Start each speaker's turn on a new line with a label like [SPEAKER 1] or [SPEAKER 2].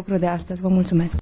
[SPEAKER 1] lucru de astăzi. Vă mulțumesc!